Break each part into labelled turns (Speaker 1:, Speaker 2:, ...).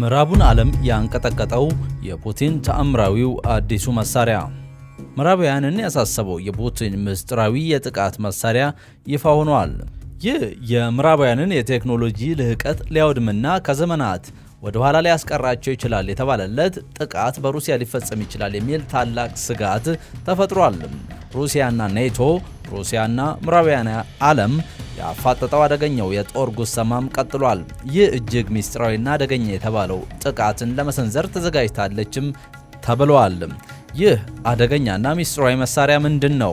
Speaker 1: ምዕራቡን ዓለም ያንቀጠቀጠው የፑቲን ተአምራዊው አዲሱ መሳሪያ። ምዕራባውያንን ያሳሰበው የፑቲን ምስጢራዊ የጥቃት መሳሪያ ይፋ ሆኗል። ይህ የምዕራባውያንን የቴክኖሎጂ ልህቀት ሊያወድምና ከዘመናት ወደ ኋላ ሊያስቀራቸው ይችላል የተባለለት ጥቃት በሩሲያ ሊፈጸም ይችላል የሚል ታላቅ ስጋት ተፈጥሯል። ሩሲያና ኔቶ፣ ሩሲያና ምዕራባውያን ዓለም ያፋጠጠው አደገኛው የጦር ጉሰማም ቀጥሏል። ይህ እጅግ ሚስጥራዊና አደገኛ የተባለው ጥቃትን ለመሰንዘር ተዘጋጅታለችም ተብሏል። ይህ አደገኛና ሚስጥራዊ መሳሪያ ምንድን ነው?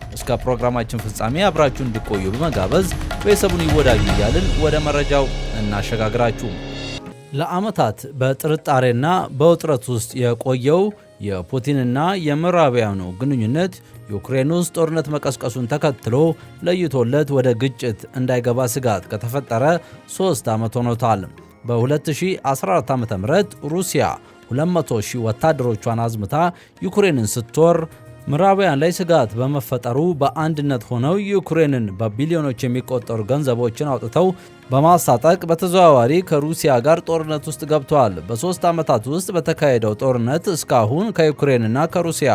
Speaker 1: እስከ ፕሮግራማችን ፍጻሜ አብራችሁ እንዲቆዩ በመጋበዝ ቤተሰቡን ይወዳጅ እያልን ወደ መረጃው እናሸጋግራችሁ። ለዓመታት በጥርጣሬና በውጥረት ውስጥ የቆየው የፑቲንና የምዕራባውያኑ ግንኙነት ዩክሬን ውስጥ ጦርነት መቀስቀሱን ተከትሎ ለይቶለት ወደ ግጭት እንዳይገባ ስጋት ከተፈጠረ ሦስት ዓመት ሆኖታል። በ2014 ዓ ም ሩሲያ 200 ሺህ ወታደሮቿን አዝምታ ዩክሬንን ስትወር ምዕራባውያን ላይ ስጋት በመፈጠሩ በአንድነት ሆነው ዩክሬንን በቢሊዮኖች የሚቆጠሩ ገንዘቦችን አውጥተው በማስታጠቅ በተዘዋዋሪ ከሩሲያ ጋር ጦርነት ውስጥ ገብተዋል። በሦስት ዓመታት ውስጥ በተካሄደው ጦርነት እስካሁን ከዩክሬንና ከሩሲያ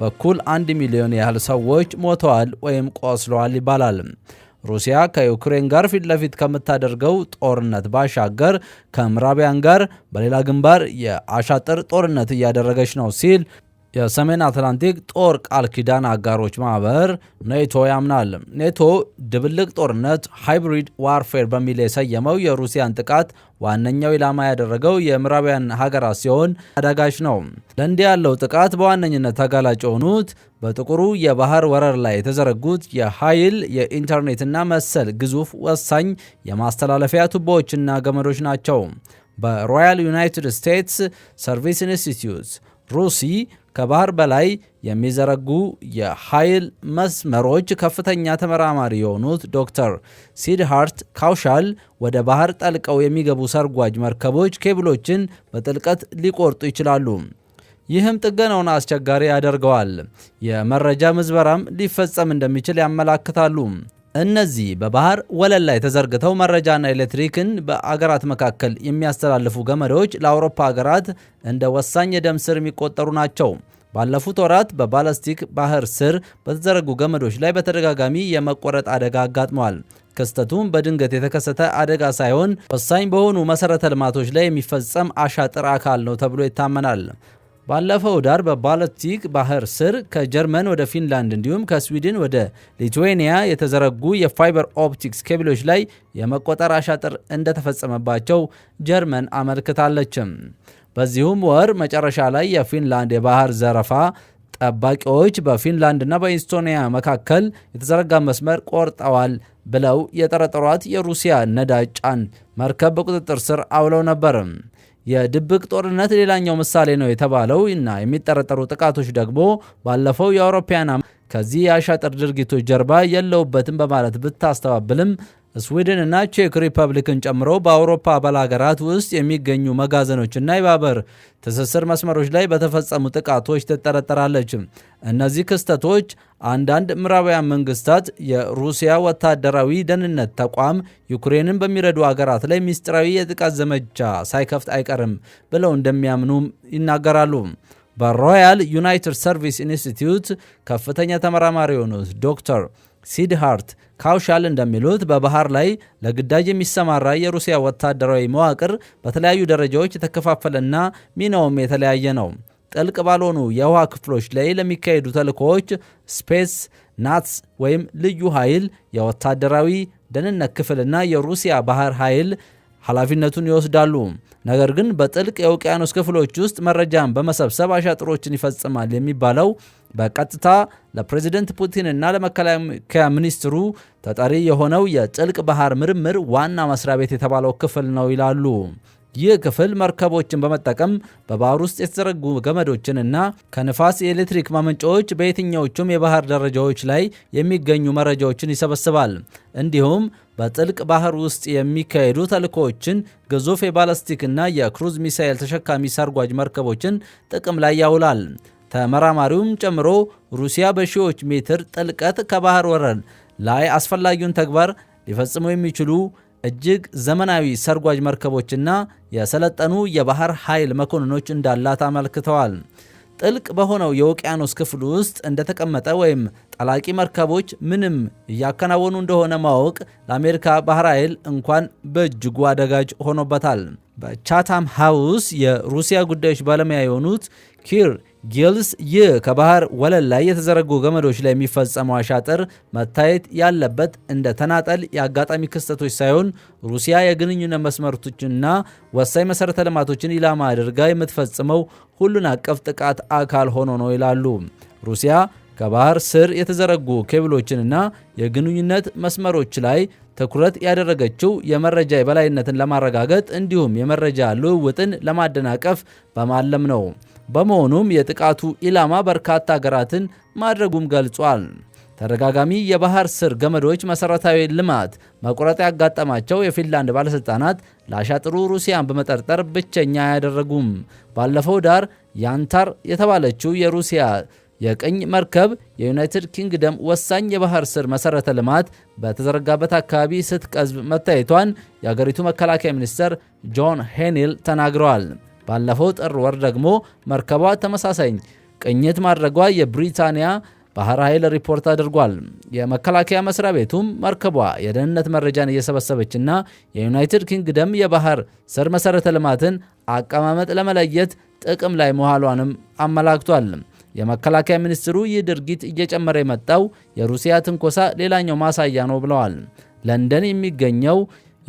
Speaker 1: በኩል አንድ ሚሊዮን ያህል ሰዎች ሞተዋል ወይም ቆስለዋል ይባላል። ሩሲያ ከዩክሬን ጋር ፊት ለፊት ከምታደርገው ጦርነት ባሻገር ከምዕራባውያን ጋር በሌላ ግንባር የአሻጥር ጦርነት እያደረገች ነው ሲል የሰሜን አትላንቲክ ጦር ቃል ኪዳን አጋሮች ማህበር ኔቶ ያምናል። ኔቶ ድብልቅ ጦርነት ሃይብሪድ ዋርፌር በሚል የሰየመው የሩሲያን ጥቃት ዋነኛው ኢላማ ያደረገው የምዕራባውያን ሀገራት ሲሆን አዳጋች ነው። ለእንዲህ ያለው ጥቃት በዋነኝነት ተጋላጭ የሆኑት በጥቁሩ የባህር ወረር ላይ የተዘረጉት የኃይል የኢንተርኔትና መሰል ግዙፍ ወሳኝ የማስተላለፊያ ቱቦዎችና ገመዶች ናቸው። በሮያል ዩናይትድ ስቴትስ ሰርቪስ ኢንስቲትዩት ሩሲ ከባህር በላይ የሚዘረጉ የኃይል መስመሮች ከፍተኛ ተመራማሪ የሆኑት ዶክተር ሲድሃርት ካውሻል ወደ ባህር ጠልቀው የሚገቡ ሰርጓጅ መርከቦች ኬብሎችን በጥልቀት ሊቆርጡ ይችላሉ። ይህም ጥገናውን አስቸጋሪ ያደርገዋል። የመረጃ ምዝበራም ሊፈጸም እንደሚችል ያመላክታሉ። እነዚህ በባህር ወለል ላይ ተዘርግተው መረጃና ኤሌክትሪክን በአገራት መካከል የሚያስተላልፉ ገመዶች ለአውሮፓ አገራት እንደ ወሳኝ የደም ስር የሚቆጠሩ ናቸው። ባለፉት ወራት በባላስቲክ ባህር ስር በተዘረጉ ገመዶች ላይ በተደጋጋሚ የመቆረጥ አደጋ አጋጥመዋል። ክስተቱም በድንገት የተከሰተ አደጋ ሳይሆን ወሳኝ በሆኑ መሰረተ ልማቶች ላይ የሚፈጸም አሻጥር አካል ነው ተብሎ ይታመናል። ባለፈው ዳር በባልቲክ ባህር ስር ከጀርመን ወደ ፊንላንድ እንዲሁም ከስዊድን ወደ ሊትዌኒያ የተዘረጉ የፋይበር ኦፕቲክስ ኬብሎች ላይ የመቆጠር አሻጥር እንደተፈጸመባቸው ጀርመን አመልክታለችም። በዚሁም ወር መጨረሻ ላይ የፊንላንድ የባህር ዘረፋ ጠባቂዎች በፊንላንድና በኢስቶኒያ መካከል የተዘረጋ መስመር ቆርጠዋል ብለው የጠረጠሯት የሩሲያ ነዳጅ መርከብ በቁጥጥር ስር አውለው ነበር። የድብቅ ጦርነት ሌላኛው ምሳሌ ነው የተባለው እና የሚጠረጠሩ ጥቃቶች ደግሞ ባለፈው የአውሮፓውያን ከዚህ የአሻጥር ድርጊቶች ጀርባ የለውበትም በማለት ብታስተባብልም ስዊድን እና ቼክ ሪፐብሊክን ጨምሮ በአውሮፓ አባል ሀገራት ውስጥ የሚገኙ መጋዘኖችና የባቡር ትስስር መስመሮች ላይ በተፈጸሙ ጥቃቶች ትጠረጠራለች። እነዚህ ክስተቶች አንዳንድ ምዕራባውያን መንግስታት የሩሲያ ወታደራዊ ደህንነት ተቋም ዩክሬንን በሚረዱ አገራት ላይ ሚስጥራዊ የጥቃት ዘመቻ ሳይከፍት አይቀርም ብለው እንደሚያምኑም ይናገራሉ። በሮያል ዩናይትድ ሰርቪስ ኢንስቲትዩት ከፍተኛ ተመራማሪ የሆኑት ዶክተር ሲድሃርት ካውሻል እንደሚሉት በባህር ላይ ለግዳጅ የሚሰማራ የሩሲያ ወታደራዊ መዋቅር በተለያዩ ደረጃዎች የተከፋፈለና ሚናውም የተለያየ ነው። ጥልቅ ባልሆኑ የውሃ ክፍሎች ላይ ለሚካሄዱ ተልእኮዎች ስፔስ ናትስ ወይም ልዩ ኃይል፣ የወታደራዊ ደህንነት ክፍልና የሩሲያ ባህር ኃይል ኃላፊነቱን ይወስዳሉ። ነገር ግን በጥልቅ የውቅያኖስ ክፍሎች ውስጥ መረጃን በመሰብሰብ አሻጥሮችን ይፈጽማል የሚባለው በቀጥታ ለፕሬዚደንት ፑቲን እና ለመከላከያ ሚኒስትሩ ተጠሪ የሆነው የጥልቅ ባህር ምርምር ዋና መስሪያ ቤት የተባለው ክፍል ነው ይላሉ። ይህ ክፍል መርከቦችን በመጠቀም በባህር ውስጥ የተዘረጉ ገመዶችን እና ከንፋስ የኤሌክትሪክ ማመንጫዎች በየትኛዎቹም የባህር ደረጃዎች ላይ የሚገኙ መረጃዎችን ይሰበስባል። እንዲሁም በጥልቅ ባህር ውስጥ የሚካሄዱ ተልእኮዎችን፣ ግዙፍ የባለስቲክ እና የክሩዝ ሚሳኤል ተሸካሚ ሰርጓጅ መርከቦችን ጥቅም ላይ ያውላል። ተመራማሪውም ጨምሮ ሩሲያ በሺዎች ሜትር ጥልቀት ከባህር ወረን ላይ አስፈላጊውን ተግባር ሊፈጽሙ የሚችሉ እጅግ ዘመናዊ ሰርጓጅ መርከቦችና የሰለጠኑ የባህር ኃይል መኮንኖች እንዳላት አመልክተዋል። ጥልቅ በሆነው የውቅያኖስ ክፍል ውስጥ እንደተቀመጠ ወይም ጠላቂ መርከቦች ምንም እያከናወኑ እንደሆነ ማወቅ ለአሜሪካ ባህር ኃይል እንኳን በእጅጉ አደጋጅ ሆኖበታል። በቻታም ሃውስ የሩሲያ ጉዳዮች ባለሙያ የሆኑት ኪር ጊልስ ይህ ከባህር ወለል ላይ የተዘረጉ ገመዶች ላይ የሚፈጸመው አሻጥር መታየት ያለበት እንደ ተናጠል የአጋጣሚ ክስተቶች ሳይሆን ሩሲያ የግንኙነት መስመርቶችንና ወሳኝ መሠረተ ልማቶችን ኢላማ አድርጋ የምትፈጽመው ሁሉን አቀፍ ጥቃት አካል ሆኖ ነው ይላሉ። ሩሲያ ከባህር ስር የተዘረጉ ኬብሎችንና የግንኙነት መስመሮች ላይ ትኩረት ያደረገችው የመረጃ የበላይነትን ለማረጋገጥ እንዲሁም የመረጃ ልውውጥን ለማደናቀፍ በማለም ነው። በመሆኑም የጥቃቱ ኢላማ በርካታ ሀገራትን ማድረጉም ገልጿል። ተደጋጋሚ የባህር ስር ገመዶች መሠረታዊ ልማት መቁረጥ ያጋጠማቸው የፊንላንድ ባለሥልጣናት ለአሻጥሩ ሩሲያን በመጠርጠር ብቸኛ አያደረጉም። ባለፈው ዳር ያንታር የተባለችው የሩሲያ የቅኝ መርከብ የዩናይትድ ኪንግደም ወሳኝ የባህር ስር መሠረተ ልማት በተዘረጋበት አካባቢ ስትቀዝብ መታየቷን የአገሪቱ መከላከያ ሚኒስትር ጆን ሄኒል ተናግረዋል። ባለፈው ጥር ወር ደግሞ መርከቧ ተመሳሳይ ቅኝት ማድረጓ የብሪታንያ ባህር ኃይል ሪፖርት አድርጓል። የመከላከያ መስሪያ ቤቱም መርከቧ የደህንነት መረጃን እየሰበሰበችና የዩናይትድ ኪንግደም የባህር ስር መሠረተ ልማትን አቀማመጥ ለመለየት ጥቅም ላይ መዋሏንም አመላክቷል። የመከላከያ ሚኒስትሩ ይህ ድርጊት እየጨመረ የመጣው የሩሲያ ትንኮሳ ሌላኛው ማሳያ ነው ብለዋል። ለንደን የሚገኘው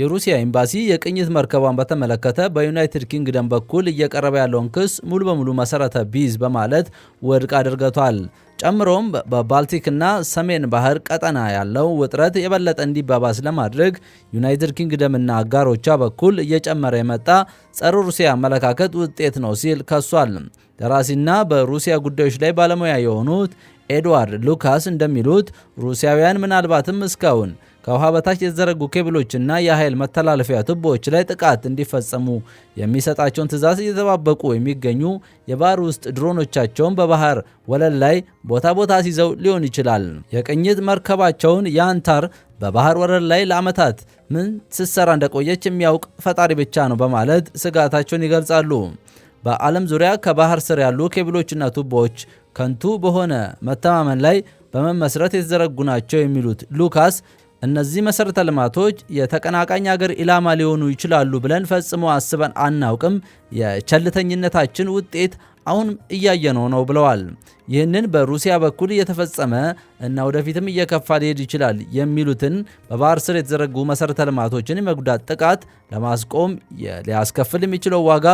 Speaker 1: የሩሲያ ኤምባሲ የቅኝት መርከቧን በተመለከተ በዩናይትድ ኪንግደም በኩል እየቀረበ ያለውን ክስ ሙሉ በሙሉ መሰረተ ቢስ በማለት ውድቅ አድርገቷል። ጨምሮም በባልቲክና ሰሜን ባህር ቀጠና ያለው ውጥረት የበለጠ እንዲባባስ ለማድረግ ዩናይትድ ኪንግደምና አጋሮቿ በኩል እየጨመረ የመጣ ጸረ ሩሲያ አመለካከት ውጤት ነው ሲል ከሷል። ደራሲና በሩሲያ ጉዳዮች ላይ ባለሙያ የሆኑት ኤድዋርድ ሉካስ እንደሚሉት ሩሲያውያን ምናልባትም እስካሁን ከውሃ በታች የተዘረጉ ኬብሎችና የኃይል መተላለፊያ ቱቦዎች ላይ ጥቃት እንዲፈጸሙ የሚሰጣቸውን ትዕዛዝ እየተባበቁ የሚገኙ የባህር ውስጥ ድሮኖቻቸውን በባህር ወለል ላይ ቦታ ቦታ ሲይዘው ሊሆን ይችላል። የቅኝት መርከባቸውን የአንታር በባህር ወለል ላይ ለዓመታት ምን ስትሰራ እንደቆየች የሚያውቅ ፈጣሪ ብቻ ነው በማለት ስጋታቸውን ይገልጻሉ። በዓለም ዙሪያ ከባህር ስር ያሉ ኬብሎችና ቱቦዎች ከንቱ በሆነ መተማመን ላይ በመመስረት የተዘረጉ ናቸው የሚሉት ሉካስ እነዚህ መሠረተ ልማቶች የተቀናቃኝ አገር ኢላማ ሊሆኑ ይችላሉ ብለን ፈጽሞ አስበን አናውቅም። የቸልተኝነታችን ውጤት አሁን እያየነው ነው ብለዋል። ይህንን በሩሲያ በኩል እየተፈጸመ እና ወደፊትም እየከፋ ሊሄድ ይችላል የሚሉትን በባህር ስር የተዘረጉ መሠረተ ልማቶችን የመጉዳት ጥቃት ለማስቆም ሊያስከፍል የሚችለው ዋጋ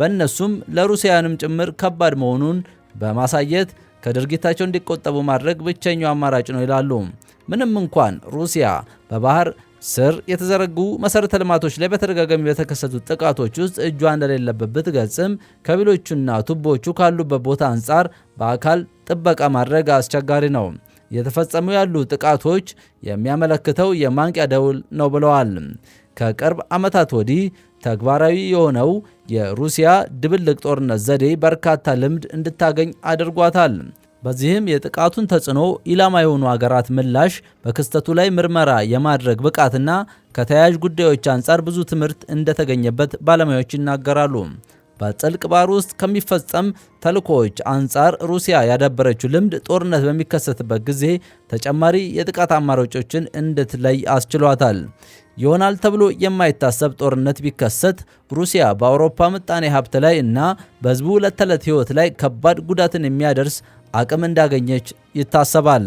Speaker 1: በእነሱም ለሩሲያንም ጭምር ከባድ መሆኑን በማሳየት ከድርጊታቸው እንዲቆጠቡ ማድረግ ብቸኛው አማራጭ ነው ይላሉ። ምንም እንኳን ሩሲያ በባህር ስር የተዘረጉ መሠረተ ልማቶች ላይ በተደጋጋሚ በተከሰቱ ጥቃቶች ውስጥ እጇ እንደሌለበት ብትገልጽም ከቢሎቹና ቱቦቹ ካሉበት ቦታ አንጻር በአካል ጥበቃ ማድረግ አስቸጋሪ ነው። የተፈጸሙ ያሉ ጥቃቶች የሚያመለክተው የማንቂያ ደውል ነው ብለዋል። ከቅርብ ዓመታት ወዲህ ተግባራዊ የሆነው የሩሲያ ድብልቅ ጦርነት ዘዴ በርካታ ልምድ እንድታገኝ አድርጓታል። በዚህም የጥቃቱን ተጽዕኖ ኢላማ የሆኑ አገራት ምላሽ፣ በክስተቱ ላይ ምርመራ የማድረግ ብቃትና ከተያያዥ ጉዳዮች አንጻር ብዙ ትምህርት እንደተገኘበት ባለሙያዎች ይናገራሉ። በጥልቅ ባህር ውስጥ ከሚፈጸም ተልእኮዎች አንጻር ሩሲያ ያዳበረችው ልምድ ጦርነት በሚከሰትበት ጊዜ ተጨማሪ የጥቃት አማራጮችን እንድትለይ አስችሏታል። ይሆናል ተብሎ የማይታሰብ ጦርነት ቢከሰት ሩሲያ በአውሮፓ ምጣኔ ሀብት ላይ እና በሕዝቡ ዕለት ተዕለት ሕይወት ላይ ከባድ ጉዳትን የሚያደርስ አቅም እንዳገኘች ይታሰባል።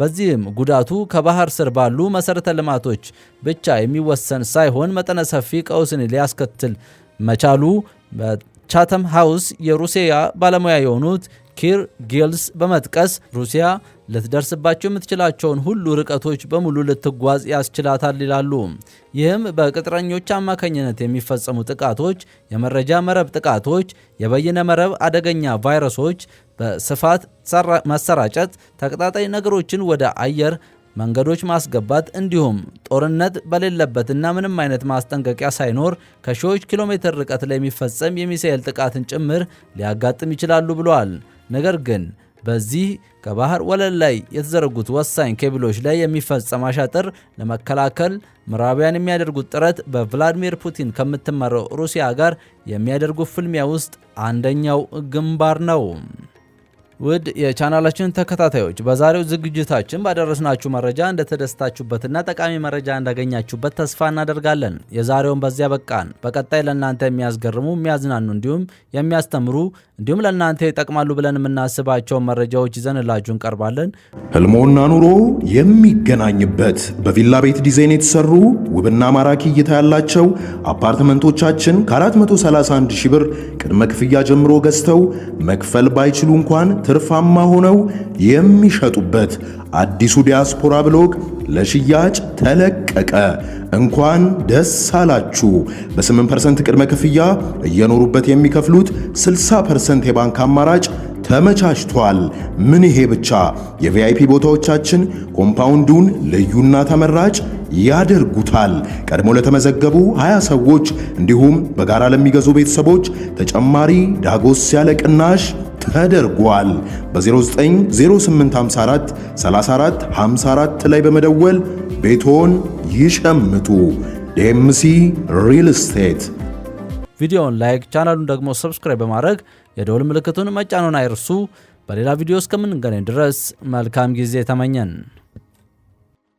Speaker 1: በዚህም ጉዳቱ ከባህር ስር ባሉ መሠረተ ልማቶች ብቻ የሚወሰን ሳይሆን መጠነ ሰፊ ቀውስን ሊያስከትል መቻሉ በቻተም ሃውስ የሩሲያ ባለሙያ የሆኑት ኪር ጊልስ በመጥቀስ ሩሲያ ልትደርስባቸው የምትችላቸውን ሁሉ ርቀቶች በሙሉ ልትጓዝ ያስችላታል ይላሉ። ይህም በቅጥረኞች አማካኝነት የሚፈጸሙ ጥቃቶች፣ የመረጃ መረብ ጥቃቶች፣ የበይነ መረብ አደገኛ ቫይረሶች በስፋት መሰራጨት፣ ተቀጣጣይ ነገሮችን ወደ አየር መንገዶች ማስገባት እንዲሁም ጦርነት በሌለበትና ምንም አይነት ማስጠንቀቂያ ሳይኖር ከሺዎች ኪሎ ሜትር ርቀት ላይ የሚፈጸም የሚሳኤል ጥቃትን ጭምር ሊያጋጥም ይችላሉ ብለዋል። ነገር ግን በዚህ ከባህር ወለል ላይ የተዘረጉት ወሳኝ ኬብሎች ላይ የሚፈጸም አሻጥር ለመከላከል ምዕራባውያን የሚያደርጉት ጥረት በቭላዲሚር ፑቲን ከምትመራው ሩሲያ ጋር የሚያደርጉት ፍልሚያ ውስጥ አንደኛው ግንባር ነው። ውድ የቻናላችን ተከታታዮች በዛሬው ዝግጅታችን ባደረስናችሁ መረጃ እንደተደስታችሁበትና ጠቃሚ መረጃ እንዳገኛችሁበት ተስፋ እናደርጋለን። የዛሬውን በዚያ በቃን። በቀጣይ ለእናንተ የሚያስገርሙ የሚያዝናኑ፣ እንዲሁም የሚያስተምሩ እንዲሁም ለእናንተ ይጠቅማሉ ብለን የምናስባቸውን መረጃዎች ይዘንላችሁ እንቀርባለን።
Speaker 2: ህልሞና ኑሮ የሚገናኝበት በቪላ ቤት ዲዛይን የተሰሩ ውብና ማራኪ እይታ ያላቸው አፓርትመንቶቻችን ከ431 ሺ ብር ቅድመ ክፍያ ጀምሮ ገዝተው መክፈል ባይችሉ እንኳን ትርፋማ ሆነው የሚሸጡበት አዲሱ ዲያስፖራ ብሎግ ለሽያጭ ተለቀቀ። እንኳን ደስ አላችሁ! በ8% ቅድመ ክፍያ እየኖሩበት የሚከፍሉት 60% የባንክ አማራጭ ተመቻችቷል። ምን ይሄ ብቻ! የቪአይፒ ቦታዎቻችን ኮምፓውንዱን ልዩና ተመራጭ ያደርጉታል። ቀድሞ ለተመዘገቡ 20 ሰዎች እንዲሁም በጋራ ለሚገዙ ቤተሰቦች ተጨማሪ ዳጎስ ያለ ቅናሽ ተደርጓል። በ090854 54 ላይ በመደወል ቤቶን ይሸምጡ። ዴምሲ ሪል ስቴት።
Speaker 1: ቪዲዮውን ላይክ፣ ቻናሉን ደግሞ ሰብስክራይብ በማድረግ የደወል ምልክቱን መጫኖን አይርሱ። በሌላ ቪዲዮ እስከምንገናኝ ድረስ መልካም ጊዜ ተመኘን።